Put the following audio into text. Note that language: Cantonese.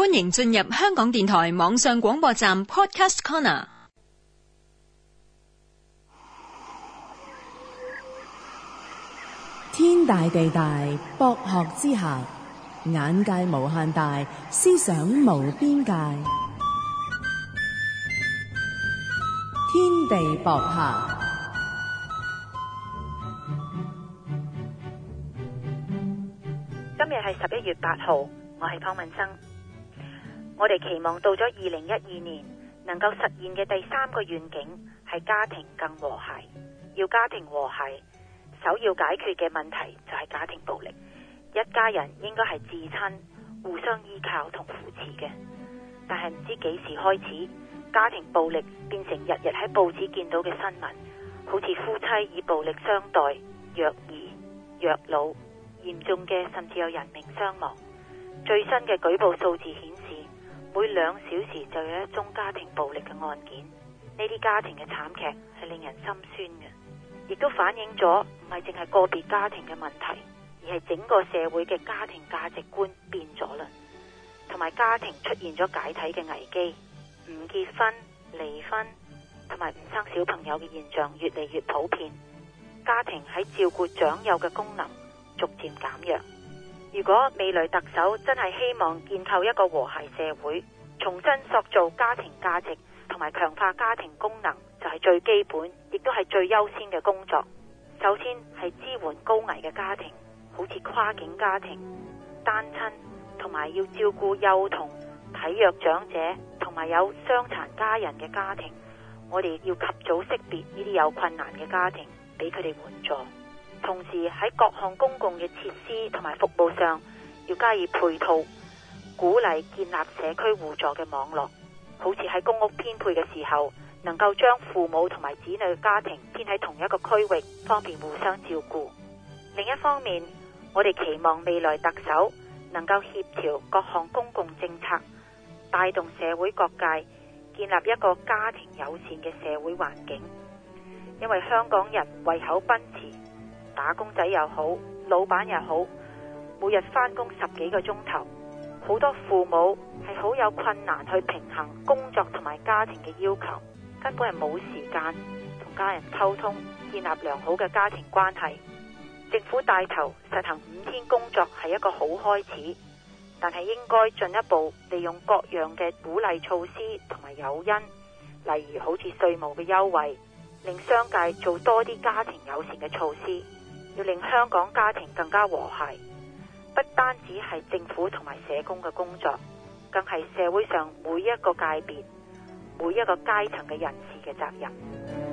歡迎進入香港電台網上廣播站 Podcast Corner。天大地大，博學之下，眼界無限大，思想無邊界。天地博客。今日係十一月八號，我係方敏生。我哋期望到咗二零一二年能夠實現嘅第三個願景係家庭更和諧。要家庭和諧，首要解決嘅問題就係家庭暴力。一家人應該係至親，互相依靠同扶持嘅。但係唔知幾時開始，家庭暴力變成日日喺報紙見到嘅新聞，好似夫妻以暴力相待，虐兒、虐老，嚴重嘅甚至有人命傷亡。最新嘅舉報數字顯示。每兩小時就有一宗家庭暴力嘅案件，呢啲家庭嘅慘劇係令人心酸嘅，亦都反映咗唔係淨係個別家庭嘅問題，而係整個社會嘅家庭價值觀變咗啦，同埋家庭出現咗解體嘅危機，唔結婚、離婚同埋唔生小朋友嘅現象越嚟越普遍，家庭喺照顧長幼嘅功能逐漸減弱。如果未來特首真係希望建構一個和諧社會，重新塑造家庭價值同埋強化家庭功能，就係最基本，亦都係最優先嘅工作。首先係支援高危嘅家庭，好似跨境家庭、單親同埋要照顧幼童、體弱長者同埋有傷殘家人嘅家庭，我哋要及早識別呢啲有困難嘅家庭，俾佢哋援助。同時喺各項公共嘅設施同埋服務上，要加以配套，鼓勵建立社區互助嘅網絡。好似喺公屋編配嘅時候，能夠將父母同埋子女嘅家庭編喺同一個區域，方便互相照顧。另一方面，我哋期望未來特首能夠協調各項公共政策，帶動社會各界，建立一個家庭友善嘅社會環境。因為香港人為口奔馳。打工仔又好，老闆又好，每日翻工，十幾個鐘頭，好多父母係好有困難去平衡工作同埋家庭嘅要求，根本係冇時間同家人溝通，建立良好嘅家庭關係。政府帶頭實行五天工作係一個好開始，但係應該進一步利用各樣嘅鼓勵措施同埋誘因，例如好似稅務嘅優惠，令商界做多啲家庭友善嘅措施。要令香港家庭更加和諧，不單止係政府同埋社工嘅工作，更係社會上每一個界別、每一個階層嘅人士嘅責任。